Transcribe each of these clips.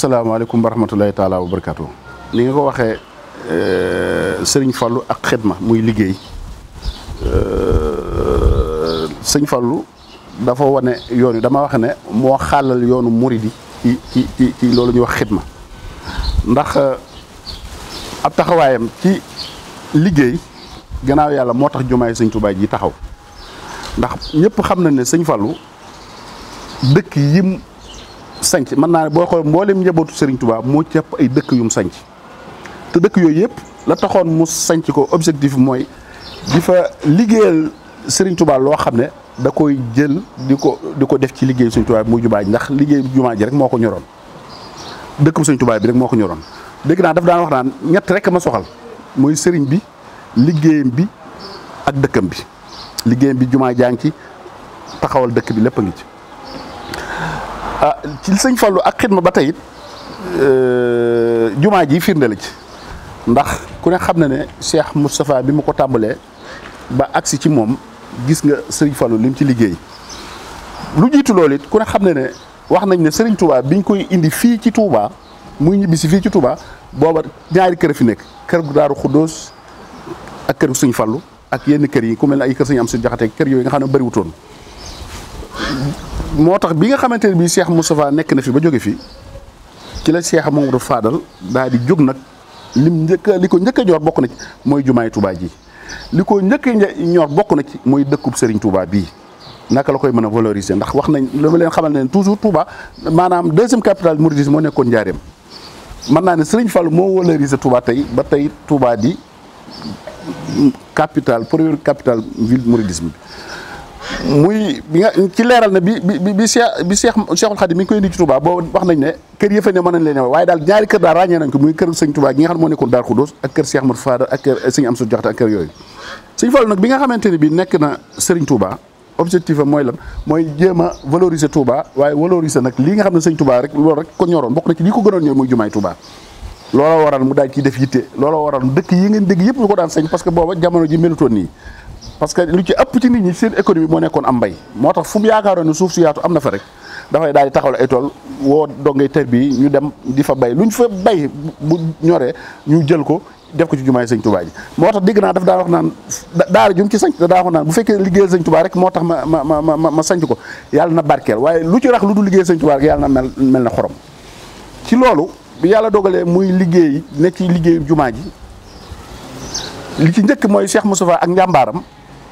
asalaamaaleykum wa rahmatulahi taala wa barakaatu. li nga ko waxe euh, sëriñ fallu ak xidma muy liggéey euh, sëñ Fallou dafa wane yoon wi dama wax ne moo xàllal yoonu muridi ci ci ci ci loolu ñuy wax xidma ndax euh, ab taxawaayam ci liggéey gannaaw yàlla moo tax jumaay sëñ Tuubaa ji taxaw ndax ñëpp xam na ne sëñ Fallou dëkk yim sanc mën naa ne boo xool mboolem njabootu Serigne tubaab moo ci ëpp ay dëkk yu sañc te dëkk yooyu yëpp la taxoon mu sañc ko objectif mooy di fa liggéeyal sëriñ Touba loo xam ne da koy jël di ko di ko def ci liggéey Serigne Touba bi muy jumaa ji ndax liggéey jumaa ji rek moo ko ñoroon dëkkum Serigne Touba bi rek moo ko ñoroon dégg naa daf daan wax naan ñett rek ma soxal muy sëriñ bi liggéeyam bi ak dëkkam bi liggéeyam bi jumaa jaa ngi ci taxawal dëkk bi lépp a Ah, ci sëñ Fallou ak xidma ba tey it euh, jumaa ji firnde la ci ndax ku ne xam na ne Cheikh Moustapha bi mu ko tàmbalee ba agsi ci moom gis nga sëriñ Fallou lim ci liggéey lu jiitu loolu it ku ne xam ne ne wax nañ ne sëriñ Touba biñ koy indi fii ci tuubaa muy ñibbisi fii ci Touba booba ñaari kër fi nekk kër gu Daaru Xuddoos ak kër gu sëñ Fallou ak yenn kër yi ku mel ne ay kër sëñ am suñ jaxate kër yooyu nga xam ne bëri wutoon moo tax bi nga xamante ne bii Cheikh Moustapha nekk na fi ba jóge fi ci la Cheikh Mamadou Fadal daal di jóg nag lim njëkk li ko njëkk a ñor bokk na ci mooy jumaay Touba ji li ko njëkk a ñor bokk na ci mooy dëkkub Serigne Touba bi naka la koy mën a valoriser ndax wax nañ lu ma leen xamal ne toujours Touba maanaam deuxième capitale mouridisme moo nekkoon Njaareem mën naa ne Serigne Fallou moo valoriser Touba tey ba tey Touba di capital première capital ville mouridisme bi. muy bi nga ci leeral na bi bi bi Cheikh bi Cheikh Cheikhul Khadim mi ngi koy indi ci Touba boo wax nañ ne kër yëfe ne mën nañ leen a waaye daal ñaari kër daal ràññee nañ ko muy kër sëñ Touba gi bi nga xamante ne bi nekk na Serigne Touba objectif am mooy lan mooy jéem a valoriser Touba waaye valoriser nag lii nga xam ne sëñ Touba rek loolu ko ñoroon bokk na ci lii yi ngeen dégg yëpp lu ko daan sëñ parce que booba jamono ji melutoon nii parce que lu ci ëpp ci nit ñi seen économie moo nekkoon am mbay moo tax fu yaakaaroon ne suuf su yaatu am na fa rek dafay daal di taxawal ay tool woo dongay tër bi ñu dem di fa bay ñu fa bay bu ñoree ñu jël ko def ko ci jumaay sëñ Touba ji moo tax dégg daf daa wax naan daara jum ci sanc da daa wax fekkee liggéeyal sëñ moo tax ma ma ma ma ma ko yàlla na barkeel waaye lu ci rax lu du liggéeyal sëñ Touba rek yàlla na mel mel na xorom ci loolu bi yàlla dogalee muy liggéey nekk ci liggéeyu jumaa ji li ci njëkk mooy Cheikh Moustapha ak njàmbaaram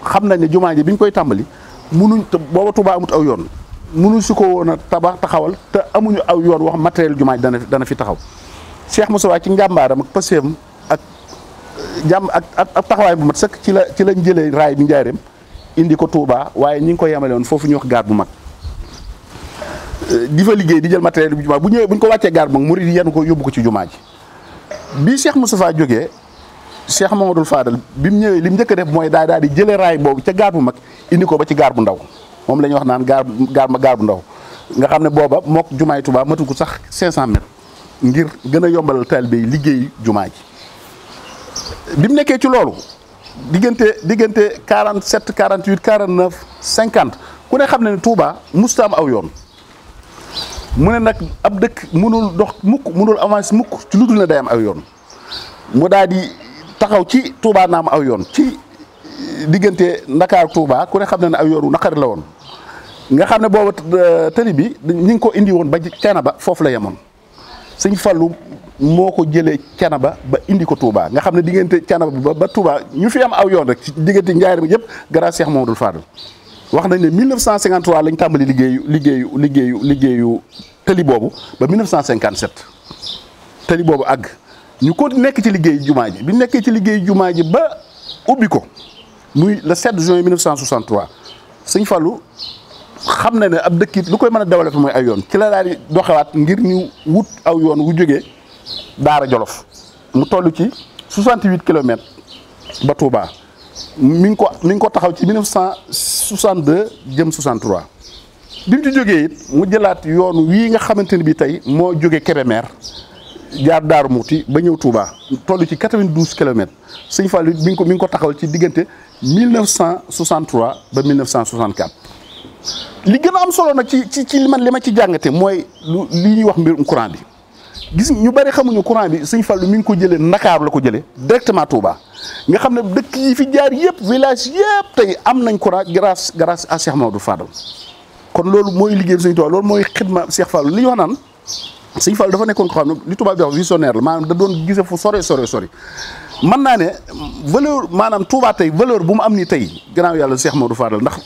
xam nañ ne jumaa ji bi ñu koy tàmbali munuñ te booba Touba amut aw yoon munuñ si ko woon a tabax taxawal te amuñu aw yoon wax matériel jumaa ji dana fi taxaw Cheikh Moussa waa ci njàmbaaram ak paseem ak jàmm ak ak taxawaay bu mat sëkk ci la ci lañ jëlee raay bi njaareem indi ko tuubaa waaye ñi ngi ko yemale woon foofu ñuy wax gaar bu mag di fa liggéey di jël matériel bu jumaa bu ñëwee bu ñu ko wàccee gaar bu mag murid yi yenn ko yóbbu ko ci jumaa ji bii Cheikh Moustapha jógee Cheikh Mamadou Fadal bi mu ñëwee li mu njëkk def mooy daa daal di jëlee raay boobu ca gaar bu mag indi ko ba ci gaar bu ndaw moom la ñuy wax naan gaar gaar gaar bu ndaw nga xam ne booba mook jumaay Tuubaa matu ko sax 500 mètres ngir gën a yombalal taalibe yi liggéey jumaa ji bi mu nekkee ci loolu diggante diggante 47 48 49 cinquante ku ne xam ne ne Tuubaa musta am aw yoon mu ne nag ab dëkk mënul dox mukk mënul avance mukk ci lu dul ne day am aw yoon taxaw ci Touba naam aw yoon ci diggante ndakaaru tuubaa ku ne xam na ne aw yoon wu naqari la woon nga xam ne booba euh, tëli bi ñi ngi ko indi woon ba Thiénaba foofu la yemoon Sëñ Fallu moo ko jëlee Thiénaba ba indi ko Touba nga xam ne diggante Thiénaba ba Touba ñu fi am aw yoon rek ci diggante Njaaréem yëpp grâce Cheikh Mamadou Fadal wax nañ ne 1953 lañ tàmbali liggéeyu liggéeyu liggéeyu liggéeyu tëli boobu ba 1957 tëli boobu àgg. ñu ko nekk ci liggéey jumaa ji bi nekkee ci liggéey jumaa ji ba ubbi ko muy le 7 juin 1963 suñ falu xam na ne ab dëkkit lu koy mën a développé mooy ay yoon ci la daal di doxewaat ngir ñu wut aw yoon wu jóge Daara Jolof mu toll ci 68 kilomètres ba Touba mi ngi ko mi ngi ko taxaw ci 1962 jëm 63 bi mu ci jógee it mu jëlaat yoon wii nga xamante ne bii tey moo jóge Kébémer jaar daar muuti ba ñëw Touba toll ci 92 kilomètres Sëñ Fallu mi ngi ko mi ngi ko taxawal ci diggante 1963 ba 1964. li gën a am solo nag ci ci ci li man li ma ci jàngate mooy lu li ñuy wax mbirum courant bi gis ñu bari xamuñu courant bi Sëñ Fallu mi ngi ko jëlee Ndakaaru la ko jëlee directement Touba nga xam ne dëkk yi fi jaar yëpp village yëpp tey am nañ courant grâce grâce à Cheikh Maodo Fadal kon loolu mooy liggéey Sëñ Touba loolu mooy xidma Cheikh Fallu li ñu wax naan. sëñ Fall dafa nekkoon ko xam ne li tubaab di wax visionnaire la maanaam da doon naa ne valeur maanaam Touba tey valeur bu mu am ni tey ginnaaw yàlla Cheikh Modou Fadal ndax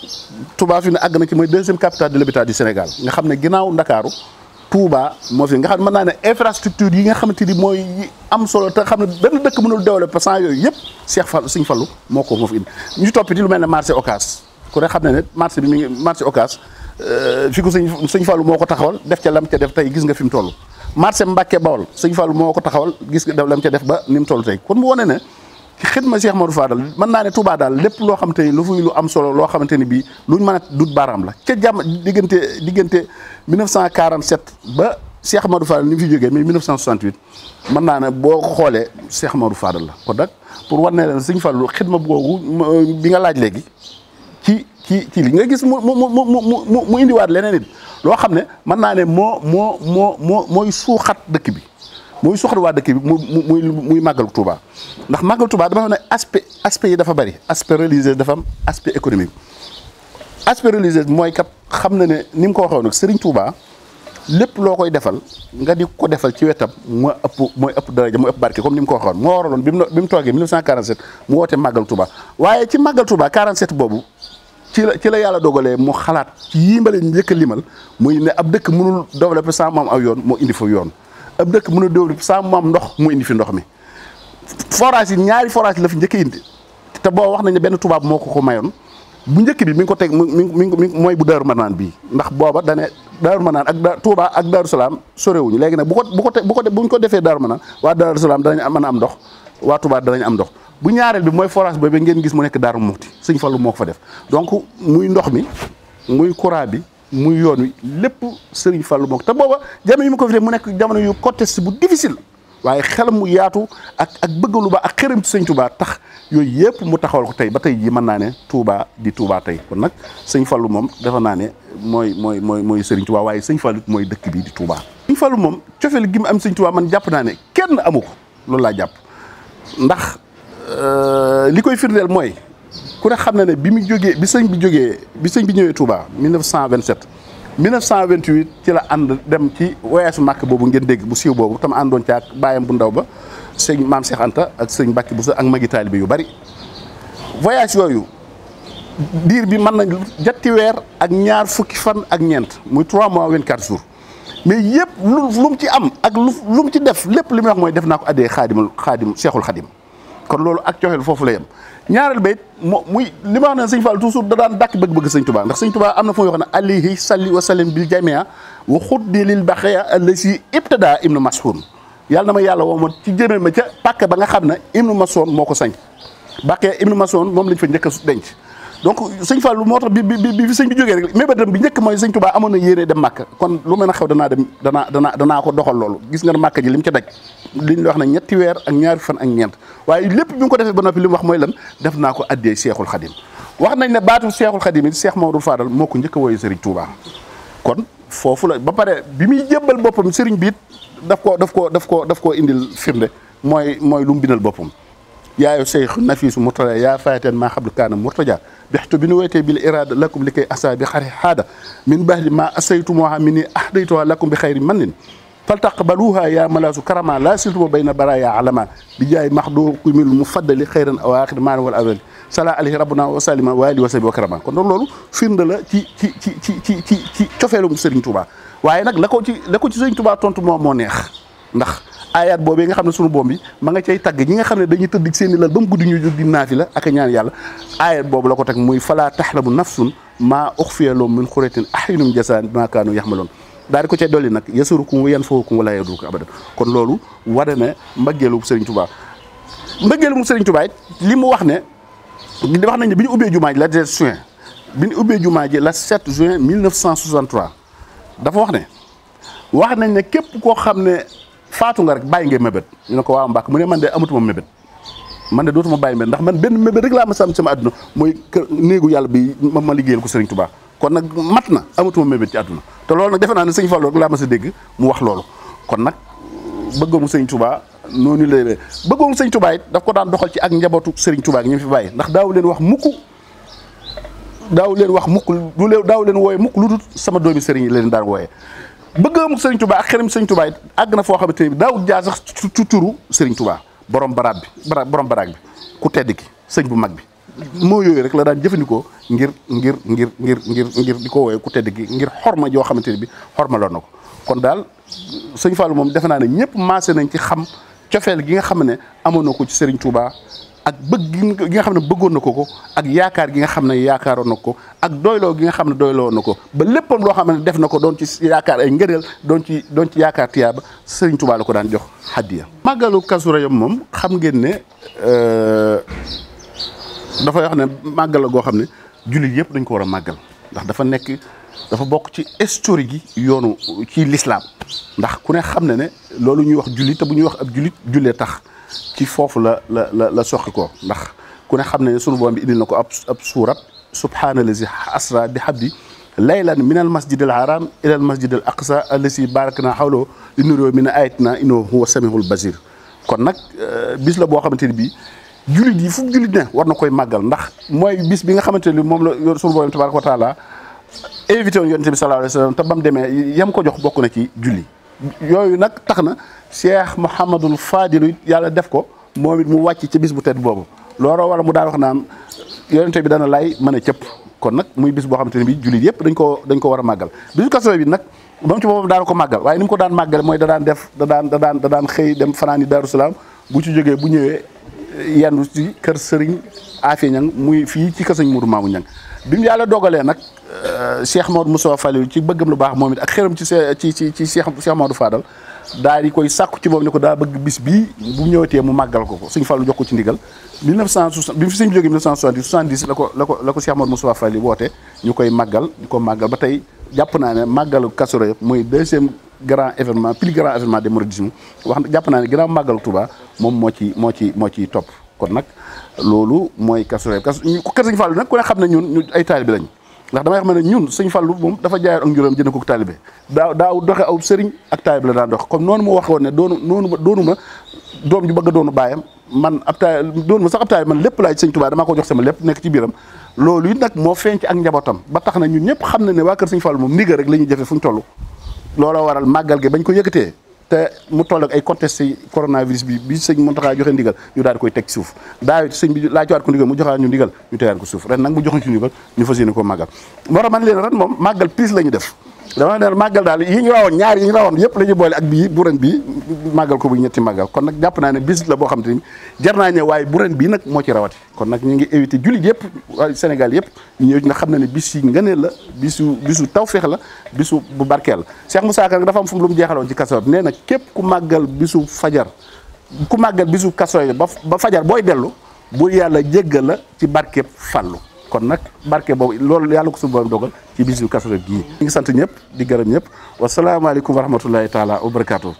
Touba fi ne àgg na ci mooy deuxième capitale de l'habitat du Sénégal nga xam ne ginnaaw Ndakaaru Touba moo fi nga xam ne mën naa ne infrastructure yi nga xamante ni mooy am solo te xam ne benn dëkk mënul développé sans yooyu yëpp Cheikh Fall Sëñ Fallu moo ko moo fi ñu toppiti lu mel ne marché ocas ku ne xam ne ne marché bi mi ngi marché Ocass Euh, fi ko suñ sëñ Fallou moo ko taxawal def ca lam ca def tey gis nga fi mu toll marché Mbàkke Bawol sëñ Fallou moo ko taxawal gis nga lam ca def ba ni mu toll tey kon mu wane ne xidma Cheikh Modou Fadal mën naa ne tubaa daal lépp loo xam xamante ni lu fuy lu am solo loo xamante ni bii luñ mën a dut baaraam la ca jàmm diggante diggante 1947 ba Cheikh Modou Fadal ni mu fi jógee mais 1968 mën naa ne boo ko xoolee Cheikh Modou Fadal la kon nag pour wane leen sëñ Fallou xidma boobu bi nga laaj léegi ci ci li nga gis mu mu mu mu mu mu indiwaat leneen loo xam ne mën naa ne moo moo moo moo mooy suuxat dëkk bi mooy suuxat waa dëkk bi mu muy muy màggalu Touba ndax màggalu Touba dama ne aspect aspect yi dafa bari aspect religieux dafa am aspect économique aspect religieux mooy kat xam na ne ni ko waxoon nag Serigne Touba lépp loo koy defal nga di ko defal ci wetam moo ëpp mooy ëpp daraja moo ëpp barke comme ni mu ko waxoon moo waraloon bi bi mu toogee mu woote màggal Touba waaye boobu. ci la ci la yàlla dogalee mu xalaat ci njëkk a limal muy ne ab dëkk mënul développer sans maam yoon moo indi fa yoon ab dëkk mënul développer sans am ndox mu indi fi ndox mi forage yi ñaari forage la fi njëkk indi te boo wax nañ benn tubaab moo ko ko mayoon bu njëkk bi mi ngi ko mu mi mi mi mooy bu Daaru Manaan bii ndax booba dane Daaru Manaan ak Touba ak Daaru Salaam sorewuñu léegi nag bu ko bu ko bu ko buñ ko defee Daaru Manaan waa Daaru Salaam danañ mën a am ndox waa Touba danañ am ndox bu ñaareel bi mooy forage boobu ngeen gis mu nekk Daaru Muxti Sëñ Fallu moo ko fa def donc muy ndox mi muy courant bi muy yoon wi lépp Sëriñ Fallu moo te booba jamono yi mu ko fi def mu nekk jamono yu conteste bu difficile waaye xelam mu yaatu ak ak bëgg ba ak xëram ci tax yooyu yëpp mu taxawal ko tey ba tey ji mën naa ne Touba di Touba tey kon nag sëñ Fallu moom defe naa ne mooy mooy mooy mooy Sëriñ Touba waaye sëñ Fallu mooy dëkk bi di Touba. sëñ Fallu moom cofeel gi mu am sëñ Touba man jàpp naa ne kenn amu loolu laa jàpp ndax. Euh, li koy firndeel mooy ku ne xam na ne bi mu jógee bi sëñ bi jógee bi sëñ bi ñëwee Touba 1927 1928 ci la ànd dem ci voyage màkk boobu ngeen dégg bu siiw boobu tam àndoon ca ak bàyyam bu ndaw ba sëñ maam Cheikh ak sëñ bu Bousso ak magi taalibe yu bari voyage yooyu diir bi mën na jatti weer ak ñaar fukki fan ak ñeent muy 3 mois 24 jours mais yëpp lu lu ci am ak lu lu mu ci def lépp li muy wax mooy def naa ko addee xaadim xaadim Cheikhul Xaadim kon loolu ak cooxel foofu la yem ñaareel bayit moo muy li ma wax ne sëñ Fall toujours da daan dàkk bëgg-bëgg sëñ Touba ndax sëñ Touba am na fu muy wax ne alayhi salli wa sallim bil jamia wa xuddi lil baxaya allasi ibtada ibnu mashun yàlla na ma yàlla woo ma ci jëmee ma ca pàkk ba nga xam ne ibnu mashun moo ko sañ bàqee nu mashun moom lañ fa njëkk a denc donc sëñ Fallou moo tax bi bi bi bi sëñ bi jógee rek mébétam bi njëkk mooy sëñ Tuubaa amoon na yéene dem màkk kon lu mën a xew danaa dem danaa dana danaa ko doxal loolu gis nga màkk ji li mu ca daj li wax na ñetti weer ak ñaari fan ak ñeent waaye lépp bi mu ko defee ba noppi li wax mooy lan def naa ko addee Seexul Xadim wax nañ ne baatu Seexul Xadim it Seex Maodo Fadal moo ko njëkk a wooyee Sëriñ Tuubaa kon foofu la ba pare bi muy jébbal boppam sëriñ bi it daf koo daf koo daf koo daf koo indil firnde mooy mooy lu mu bindal boppam yaayu Seex Nafiisu Murtada yaa fayateen maa xablu kaana Murtada bextu bi nu woytee bil irada lakum li koy asa bi xari xaada min baax li maa asaytumuha mi ni ahdaytuha lakum bi xayri man nin fal taqbaluha yaa malaasu karama laa siltuma bayna baraya alama bi jaay maxdukumil mu faddali xayran aw axir maana wal awali sala alayhi rabbuna wa salima wa ali wa sabi wa karama kon donc loolu firnde la ci ci ci ci ci ci ci cofeelum Serigne Touba waaye nag la ko ci la ko ci Serigne Touba tontu moom moo neex ndax ayat boobu nga xam ne sunu boom bi ma nga cay tagg ñi nga xam ne dañuy tëdd seen i lal ba mu guddi ñu jóg di naafi la ak ñaan yàlla ayat boobu la ko teg muy falaa taxlamu nafsun maa uxfiya lahum min xuratin ahyunum ko cay dolli nag yasurukum wa yanfawukum wala yadurukum abadan kon loolu wane na mbëggeelu Serigne Touba mbëggeelu mu li mu wax ne di wax nañ ne bi ñu ubbee jumaa ji la 17 juin bi ñu ubbee jumaa ji la 7 juin 1963 dafa wax ne wax nañ ne képp koo xam ne faatu nga rek bàyyi ngay mebet ñu ne ko waaw mbàkk mu ne man de amatuma mébét man de dootuma bàyyi mébét ndax man benn mébét rek laa ma sam sama àdduna mooy kër néegu yàlla bi ma ma liggéeyal ko Serigne Touba kon nag mat na amatuma mébét ci te loolu nag defe naa ne Serigne Fallou rek laa ma dégg mu wax kon nag bëggoon Serigne tubaa noonu lay lay bëggoon Serigne Touba it daf ko daan doxal ci ak njabootu Serigne Touba ak ñi fi bàyyi ndax daaw leen wax mukk daaw leen wax mukk lu daaw leen wooye mukk lu sama doomi Serigne leen daan wooyee bëggam Serigne Touba ak xelam Serigne Touba it àgg na foo xamante ne bi daawut jaa sax ci turu Serigne Touba borom baraab bi borom baraag bi ku tedd ki sëñ bu mag bi. moo yooyu rek la daan jëfandikoo ngir ngir ngir ngir ngir ngir di ko woowee ku tedd gi ngir xorma yoo xamante ne bi xormaloon na ko kon daal sëñ Fallou moom defe naa ne ñëpp maase nañ ci xam cofeel gi nga xam ne amoon na ko ci Serigne Touba ak bëgg gi nga xam ne bëggoon na ko ko ak yaakaar gi nga xam ne yaakaaroon na ko ak doyloo gi nga xam ne doyloo na ko ba léppam loo xam ne def na ko doon ci yaakaar ay ngëneel doon ci doon ci yaakaar tiyaaba Sëriñ Tuubaa ko daan jox hadiya màggalu Kazu Rajab moom xam ngeen ne euh, dafa wax ne màggal la goo xam ne jullit yëpp dañ ko war a màggal ndax dafa nekk dafa bokk ci histoire gi yoonu ci lislaam ndax ku ne xam ne ne loolu ñuy wax jullit te bu ñuy wax ab jullit jullee tax ci foofu la la la la soqi ko ndax ku ne xam ne sunu borom bi indi na ko ab ab suurat subhaanallazi asra bi habdi laylan min al masjid al haram ila al masjid al aqsa allasi barakna hawlo linuriyahu min ayatina innahu huwa samiul basir kon nag euh, bis la boo xamante ni bii jullit yi fu jullit ne war na koy màggal ndax mooy bis bi nga xamante ni moom la sunu borom tabaraka wa taala invité woon yonent bi sallallahu alayhi wa sallam te ba mu demee yam ko jox bokk na ci julli yooyu nag tax na Cheikh Mouhamadul Fadilu yàlla def ko moom it mu wàcc ci bis bu tedd boobu looloo wala mu daan wax naan yonente bi dana lay mën a cëpp kon nag muy bis boo xamante ne bi jullit yëpp dañ ko dañ ko war a màggal bisu Kazu bi nag moom ci boppam daana ko màggal waaye ni mu ko daan màggale mooy da daan def da daan da daan da xëy dem fanaan yi Daaru Salaam bu ci jógee bu ñëwee yendu ci kër sëriñ Afi Ñang muy fii ci kër sëriñ Mourou Mamou Ñang bi mu yàlla dogalee nag euh, Cheikh Maodo Moussa Falil ci bëggam lu baax moom it ak xëram ci ci ci ci Cheikh Cheikh Maodo Fadal daal di koy sàkku ci boobu ne ko daa bëgg bis bii bu tee mu màggal ko ko suñ Fallou jox ko ci ndigal 1960 bi fi suñ jógee 1970 70 la ko la ko la ko Cheikh woote ñu koy màggal ñu ko màggal ba tey jàpp naa ne màggalu Kazu Rajab mooy deuxième grand événement plus grand événement de mouridisme wax jàpp naa ne gannaaw màggalu Touba moom moo ci moo ci moo ciy topp kon nag loolu mooy Kazu Rajab Kazu kër suñ Fallou nag ku ne xam ne ñun ay taalibe lañ ndax damay xam ne ñun sëñ Fallou moom dafa jaayoon ak njuróom jënd ko taalibe daaw daaw doxe aw sëriñ ak taalibe la daan dox comme noonu mu waxoon ne doonu noonu ma doonu ma doom ju bëgg a doonu baayam man ab taay doonu sax ab taay man lépp laaj sëñ Tuubaa damaa ko jox sama lépp nekk ci biiram loolu it nag moo feeñ ak njabootam ba tax na ñun ñëpp xam na ne waa kër sëñ Fallou moom ndigal rek la ñuy jëfe fu ñu toll looloo waral màggal gi bañ ko yëkkatee te mu toll ak ay contesté coronavirus bi bi sëñ Mountakha joxe ndigal ñu daal di koy teg suuf daaw sëñ bi laajuwaat ko ndigal mu joxaat ñu ndigal ñu tegaat ko suuf ren nag mu joxuñ ci ndigal ñu fas yéene ko màggal moo tax leen ren moom màggal prise la ñu def dama ne màggal daal yi ñu rawoon ñaar yi ñu rawoon yëpp la ñu boole ak bii bu ren bii màggal ko bu ñetti màggal kon nag jàpp naa ne bis la boo xam te jar naa ñëw waaye bu ren bii nag moo ci rawati kon nag ñu ngi éviter jullit yëpp Sénégal yëpp ñu nga xam ne ne bis yi ngëneel la bisu bisu tawféex la bisu bu barkeel la Cheikh Moussa Ka nag dafa am fu lu mu jeexaloon ci kaso bi nee na képp ku màggal bisu fajar ku màggal bisu kaso ba ba fajar booy dellu bu yàlla jéggal la ci barkeb fàllu kon nag barke boobu loolu yàlla ko suñu boroom dogal ci bisu Kazu Rajab gii. ñu ngi sant ñëpp di gërëm ñëpp wasalaamaaleykum wa rahmatullahi taala wa barakaatu.